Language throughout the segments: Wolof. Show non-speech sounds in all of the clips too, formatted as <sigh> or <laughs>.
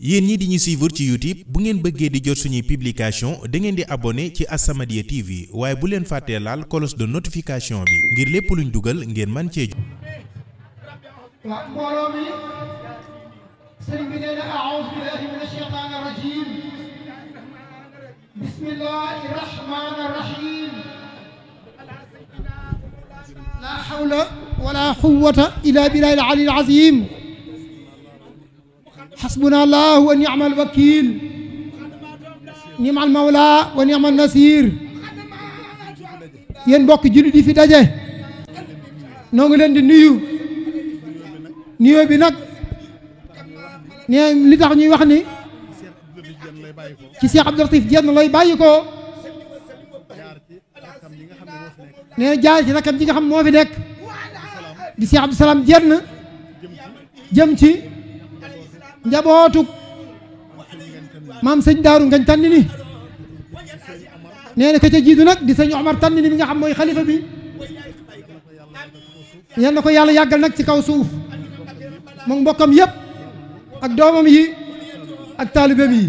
yéen ñi di ñu suivre ci YouTube bu ngeen bëggee di jot suñuy publication dangeen di abonné ci As-Samadiyya TV waaye bu leen fàttee laal cloche de notification bi ngir lépp luñ dugal ngeen man cee waaw mbooloo mi bi nee na aouzu billahi min asheytaani rajim bismillahi rahmani rahim la hawla wala quwwata illa billahi ali al-azim حسبنا الله ونعم الوكيل نعم المولى ونعم النصير yéen mbokk jullit yi fi daje noo ngi leen di nuyu nuyoo bi nag nee li tax ñuy wax ni ci Cheikh Abdou Latif Diène lay bàyyi ko nee jaar ci rakam ji nga xam moo fi nekk di Cheikh Abdou Salam Diène jëm ci njabootuk maam sëñ daaru ngañ tànn ni nee na ka ca jiitu nag di sëñ Omar tànn ni bi nga xam mooy xalifa bi yal na ko yàlla yàggal nag ci kaw suuf moom mbokkam yépp ak doomam yi ak taalibeem yi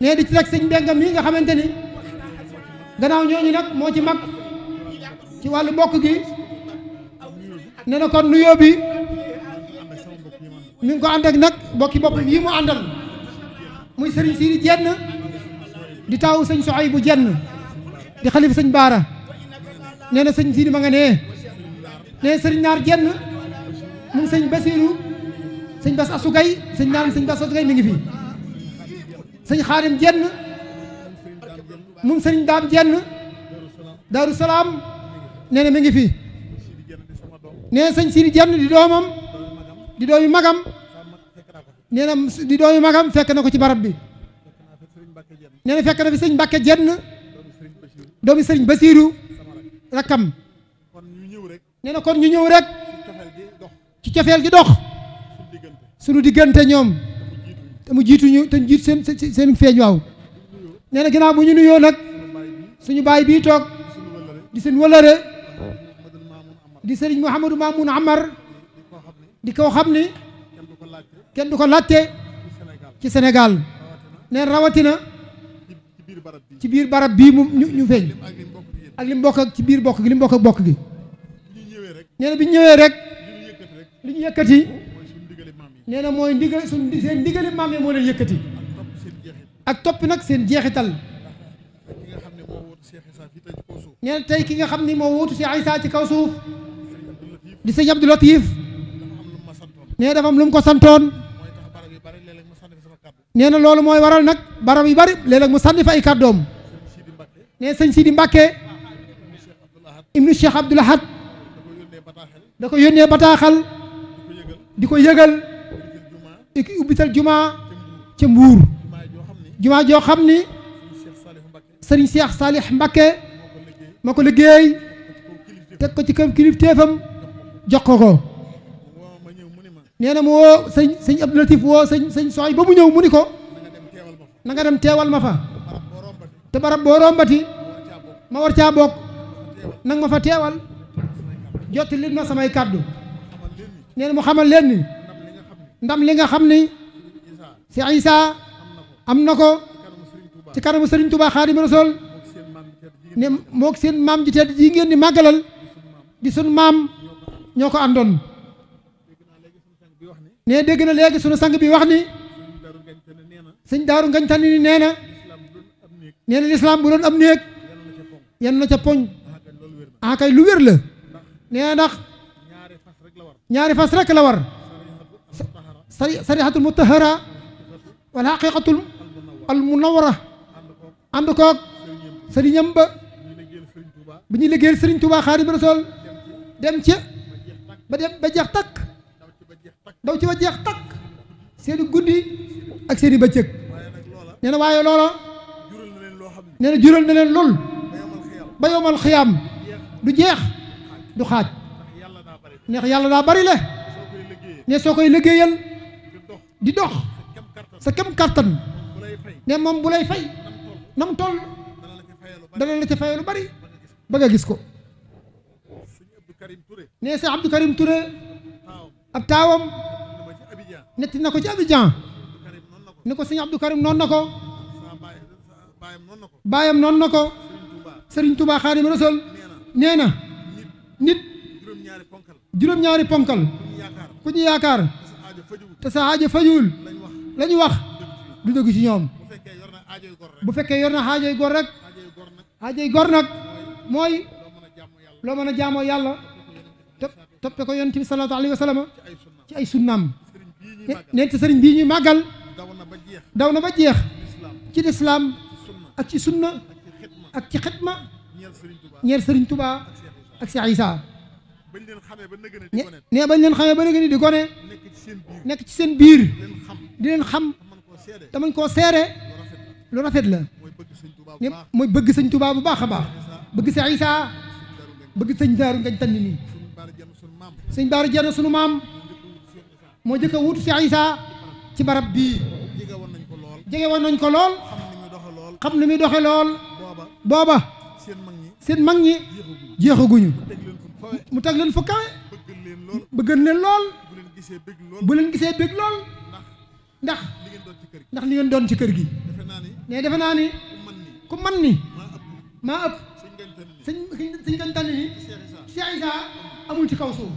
nee di ci rek sëñ yi nga xamante ni gannaaw ñooñu nag moo ci mag ci wàllu mbokk gi nee kon nuyoo bi mi ngi ko ànd ak nag bokki boppam yi mu àndal muy sëriñ siidi jenn di taaw sëñ soxay bu jenn di xalif sëñ baara nee na sëñ siidi ma nga nee nee sëriñ naar jenn mu ngi sëñ basiiru sëñ bas asugay sëñ naar sëñ bas asugay mi ngi fi sëñ xaadim jenn mu ngi sëriñ daam jenn daaru nee na mi ngi fi nee sëñ siidi jenn di doomam di doomi magam nee na di doomi magam fekk na ko ci barab bi nee na fekk na fi sëñ Mbàkke jenn doomi sëriñ Basiiru rakkam nee na kon ñu ñëw rek ci cofeel gi dox suñu diggante ñoom te mu jiituñu te jiit seen seen feeñ waaw nee na ginnaaw bu ñu nuyoo suñu baay bii toog di seen wëlëre di sëriñ Mouhamadou Mamoun Amar di ko xam ni kenn du ko laajte ci Sénégal neen rawatina ci biir barab bii mu ñu feeñ ak li mu bokk ak ci biir bokk gi li mbokk bokk ak bokk gi nee na bi ñu ñëwee rek li ñu yëkkati nee na mooy ndigal suñ seen ndigali maam yi moo leen yëkkati ak topp nag seen jeexital nee na tey ki nga xam ni moo wuutu Cheikh Issa ci kaw suuf di sëñ Abdou Latif nee dafa am lu mu ko santoon nee na loolu mooy waral nag barab yu bari léeg-léeg mu sànni fa ay kàddoom nee sëñ Sidi Mbàkke ibnu Cheikh Abdoul Ahad da ko yónnee bataaxal di ko yëgal di ko ubbital jumaa ca Mbuur jumaa joo xam ni sëriñ Cheikh Salih Mbàkke moo ko liggéey teg ko ci kam kilifteefam jox ko nee na mu woo sëñ sëñ Abdou Latif woo sëñ sëñ Soy ba mu ñëw mu ni ko na nga dem teewal ma fa te barab boo rombati ma war caa bokk nag ma fa teewal jotti lit ma samay kàddu nee mu xamal leen ni ndam li nga xam ni si Isaa am na ko ci kanamu Sëriñ Tuubaa Xaadimu Rasuul ne moog seen maam ji te ji ngeen di màggalal di sun maam ñoo ko àndoon nee dégg na léegi sunu sang bi wax ni sëñ daaru ngañ tani ni nee na nee na lislaam bu doon am néeg yenn na ca poñ ah kay lu wér la nee ndax ñaari fas rek la war sarixatul mutahara wal xaqiqatul al munawara ànd koog sëriñam ba bi ñuy liggéeyal sëriñ Tuubaa Xaadimu Rasuul dem ci ba dem ba jeex takk daw ci ba takk seeni guddi ak seeni bëccëg nee na waaye loola nee na jural na leen lool ba yowmal xiyaam du jeex du xaaj neex yàlla daa bari le ne soo koy liggéeyal di dox sa kem kàttan ne moom bu lay fay nam toll dana la ca fayee lu bari ba nga gis ko ne sa Abdou Karim ab taawam netti na ko ci Abidjan ni ko sëñ Abdou Karim noonu na ko baayam noon na ko sëriñ Touba Xaadimu Rasuul nee na nit juróom-ñaari ponkal ku ñu yaakaar te sa aajo fajuwul la ñu wax du dëgg ci ñoom bu fekkee yor na aajoy gor rek aajoy gor nag mooy loo mën a jaamoo yàlla toppe ko yonent bi sallallahu alayhi wa sallam ci ay sunnaam neen ci sëriñ bii ñuy màggal daw na ba jeex ci lislaam ak ci sunna ak ci xitma ñeer sëriñ Tuubaa ak Seex Isaa ne bañ leen xamee ba nëgëni di gone nekk ci seen biir di leen xam damañ koo seere lu rafet la ne mooy bëgg sëñ Tuubaa bu baax a baax bëgg Seex Isaa bëgg sëñ daaru ngañ tànn nii sëñ Baara Jenn sunu maam moo jëkk a wuutu Cheikh Issa ci barab bii jege woon nañ ko lool jege woon nañ ko lool xam ni muy doxe lool booba seen mag ñi jeexaguñu mu teg leen fu kawe bëggan leen lool bu leen gisee bëgg lool ndax ndax li ngeen doon ci kër gi ne defe naa ni ku man ni maa ëpp sëñ sëñ gantani ni Cheikh Issa amul ci kaw suuf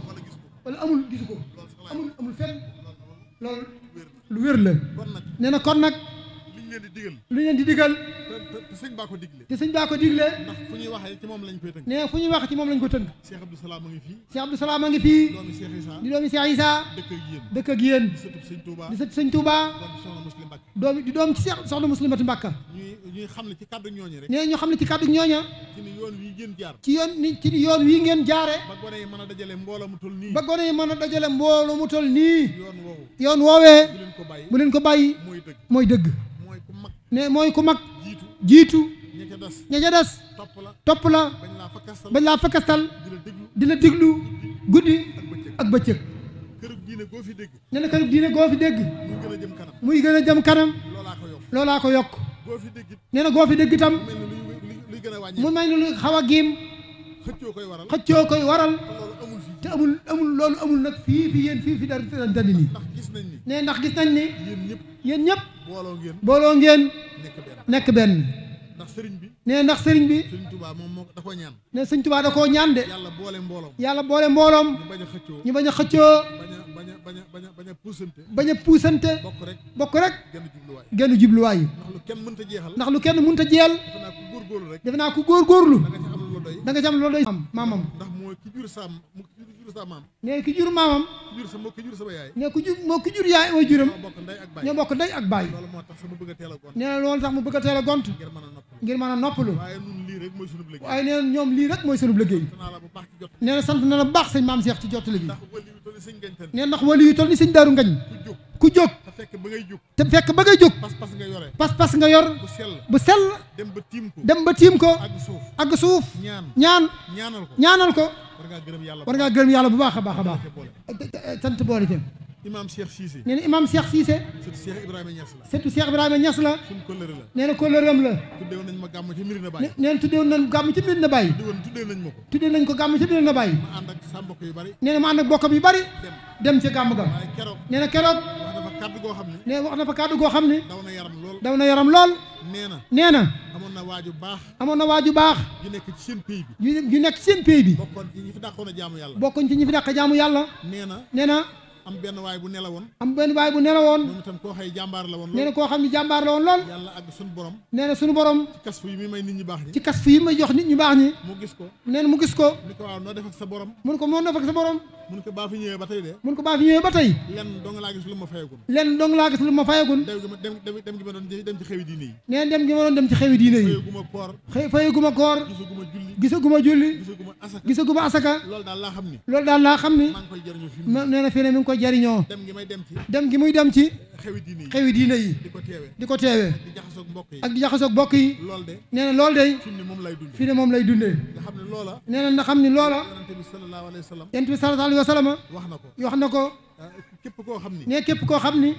wala amul gisu ko fenn loolu lu wér la nee na kon nag lu ñu leen di digal te sëñ baa ko digle te sëñ baa ko digle ndax fu ñuy waxee ci moom lañ koy tënk ne fu ñuy waxee ci moom lañ ko tënk Cheikh Abdou Salam a ngi fii Cheikh Abdou Salam a ngi fii doomi Cheikh Issa di doomi Cheikh Issa dëkk dëkk ak yéen di sëtu sëñ di doom di doom soxna Muslimatu Mbàkka ñuy ñu xam ne ci kàddu ñooña ci yoon wi ngeen jaare ba gone yi mën a dajale mbooloo mu toll nii ba gone yi mën a dajale mbooloo mu toll nii yoon woowu yoon woowee bu leen ko bàyyi mooy dëgg mooy dëgg ne mooy ku mag jiitu ña ca des topp la bañ laa fakkastal di la diglu guddi ak bëccëg nee na kërug diine goo fi dégg muy gën a jëm kanam loolaa ko yokk nee na goo fi dégg itam mu may ne lu xaw a giim xëccoo koy waral te amul amul loolu amul nag fii fi yéen fii fi dara dandi nii nee ndax gis nañ ni yéen ñëpp booloo ngeen nekk benn ndax sëriñ bi nee ndax sëriñ bi sëriñ tubaa moom moo da koo ñaan ne sëriñ tubaa da koo ñaan de yàlla boole mbooloom yàlla boole ñu bañ a xëccoo ñu bañ a xëccoo bañ a bañ a bañ a bañ a puusante a puusante bokk rek bokk rek genn jubluwaay genn jubluwaay ndax lu kenn mënta jeexal ndax lu kenn mënta jeexal defe naa ku góorgóorlu rek doy da nga ci am loolu doy am maamam ndax ki jur maamam moo ki jur yaay nee juram ñoo bokk ndey ak baay loolu loolu tax mu bëgg a gont ngir mën a noppalu waaye waaye nee ñoom lii rek mooy sunu liggéey nee sant na la baax sëñ maam Cheikh ci jottali bi nee ndax wali toll ni sëñ daaru ngañ ku jóg fekk ba ngay jóg ñaan ko ñaanal ko war ngaa a baax a baax sant boole nañ ma gàmm ci Medina Baye nee nañ ko tuddee nañ ko gàmm ci ma ànd ak bokkam yu bari dem ci gàmm ga nee keroog kàddu goo xam ne nee wax na fa kàddu goo xam ne daw na yaram lool daw na yaram lool nee na nee na amoon na waaju baax amoon na waaju baax yu nekk ci seen pays bi yu nekk ci seen pays bi bokkoon ci ñi fi dàqoon a jaamu yàlla bokkoon ci ñi fi dàq jaamu yàlla nee na nee na am benn waay bu nelawoon am benn waay bu nelawoon moom itam koo xam ne jàmbaar la woon lool ba tey de mun ko baa ba tey lenn dong laa gis lu ma fayagun lenn dong daal laa xam ni loolu fii ne mi koy koy jariñoo dem gi muy dem ci xewi diina yi di ko teewee ak di jaxasoog mbokk yi nee na lool day fii ne moom lay dundee nee na na xam ni loola yonent bi sallallahu alayhi wa sallam wax na ko ah, képp koo xam ni nee képp koo xam ni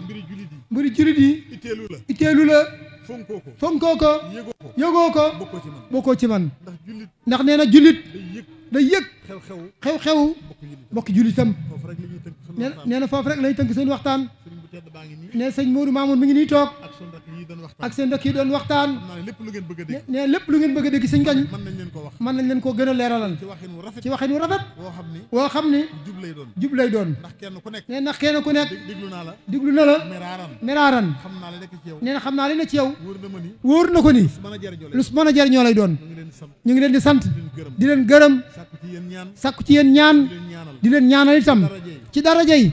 mbiri julit yi itteelu la fonkoo ko fonkoo ko yëgoo ko bokkoo ci man ndax nee na julit day yëg xew-xew mbokk jullitam nee na foofu rek lay tënk seen waxtaan ne sëñ Modou Mamoun mi ngi nii toog ak seen dëkk yi doon waxtaan lépp lu ngeen bëgg a dégg ne lépp lu ngeen bëgg a dégg sëñ gañ mën nañ leen ko wax mën nañ leen a leeralal ci waxin wu rafet ci waxin wu rafet woo xam ni jub lay doon jub ndax kenn ku nekk ne ndax kenn ku nekk déglu naa la déglu na la meraaran xam naa la nekk ci yow nee na xam naa li ne ci yow wóor na ma ni wóor na ko ni lu su mën a jëriñoo lay doon ñu ngi leen di sant di leen gërëm sàkku ci yéen ñaan di leen ñaanal itam ci daraja yi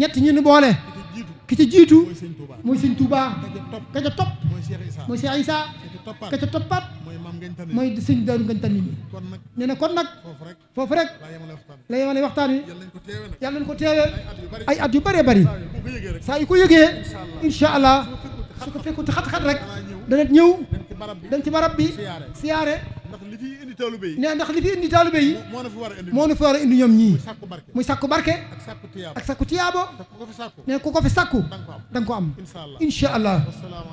ñett ñu ni boole ki ci jiitu muy sëñ Touba ka ca topp muy Cheikh Issa ka ca toppaat mooy sëñ Daaru Ngagne Tànni mi nee na kon nag foofu rek la yemale waxtaan wi yàlla nañ ko teewee ay at yu bëree bëri saa yu ko yëgee incha allah su ko fekku xat-xat rek dana ñëw dem ci barab bi siyaare ndax li fi indi taalibe ndax li fi indi taalibe yi moo nu fi war a indi moo a indi ñoom ñii muy sàkku barke ak sàkku tiyaabo ak sàkku tiyaabo nee ku ko fi sàkku da ko am insha allah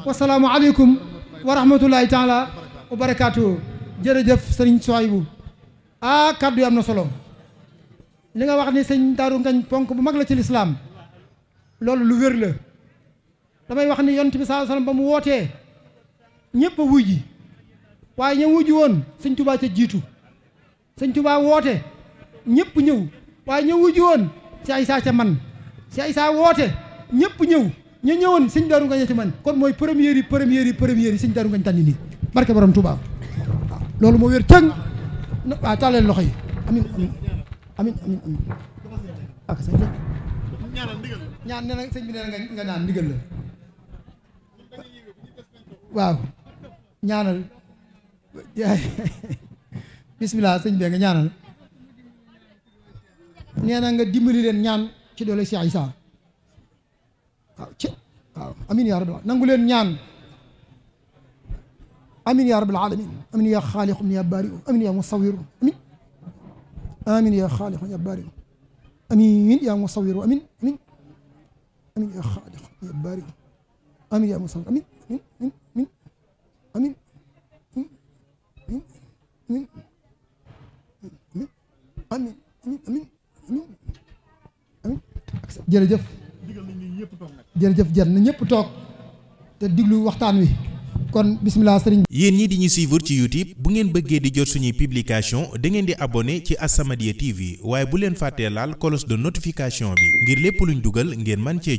wasalaamu aleykum wa rahmatulahi taala wa barakaatu jërëjëf sëriñ Sohaybu ah kàddu yi am na solo li nga wax ni sëñ Daaru Ngañ ponk bu mag la ci lislaam loolu lu wér la damay wax ni yonent bi sallallahu alayhi ba mu wootee ñëpp a waaye ña wuju woon sëñ tubaa ca jiitu sëñ tubaa woote ñëpp ñëw waaye ña wuju woon Cheikh Issa ca man Cheikh Issa woote ñëpp ñëw ñu ñëwoon sëñ daru Ngañ ci man kon mooy première yi première yi première yi sëñ Daaru Ngañ tànn nii barke borom Touba loolu moo wér cëng waaw tàllal loxo yi amin amin amin amin amin ak sëñ ñaan nee sëñ bi nee na nga ñaan waaw <laughs> bisimilah sëñ bi nga ñaanal nee na nga dimbali leen ñaan ci doole Cheikh Issa waaw ci waaw amin nangu leen ñaan amin yaa rabbil alamin amin yaa xaaliqun amin yaa musawiru amin amin yaa amin yaa musawiru amin amin amin yaa xaaliqun yaa baariu amin yaa musawiru amin jërëjëf jërëjëf jën na ñëpp toog te diglu waxtaan wi kon bisimilah sëriñ yéen ñi di ñu suivre ci YouTube bu ngeen bëggee di jot suñuy publication da ngeen di abonné ci As-Samadiyya TV waaye bu leen fàttee laal cloche de notification bi ngir lépp luñ dugal ngeen man cee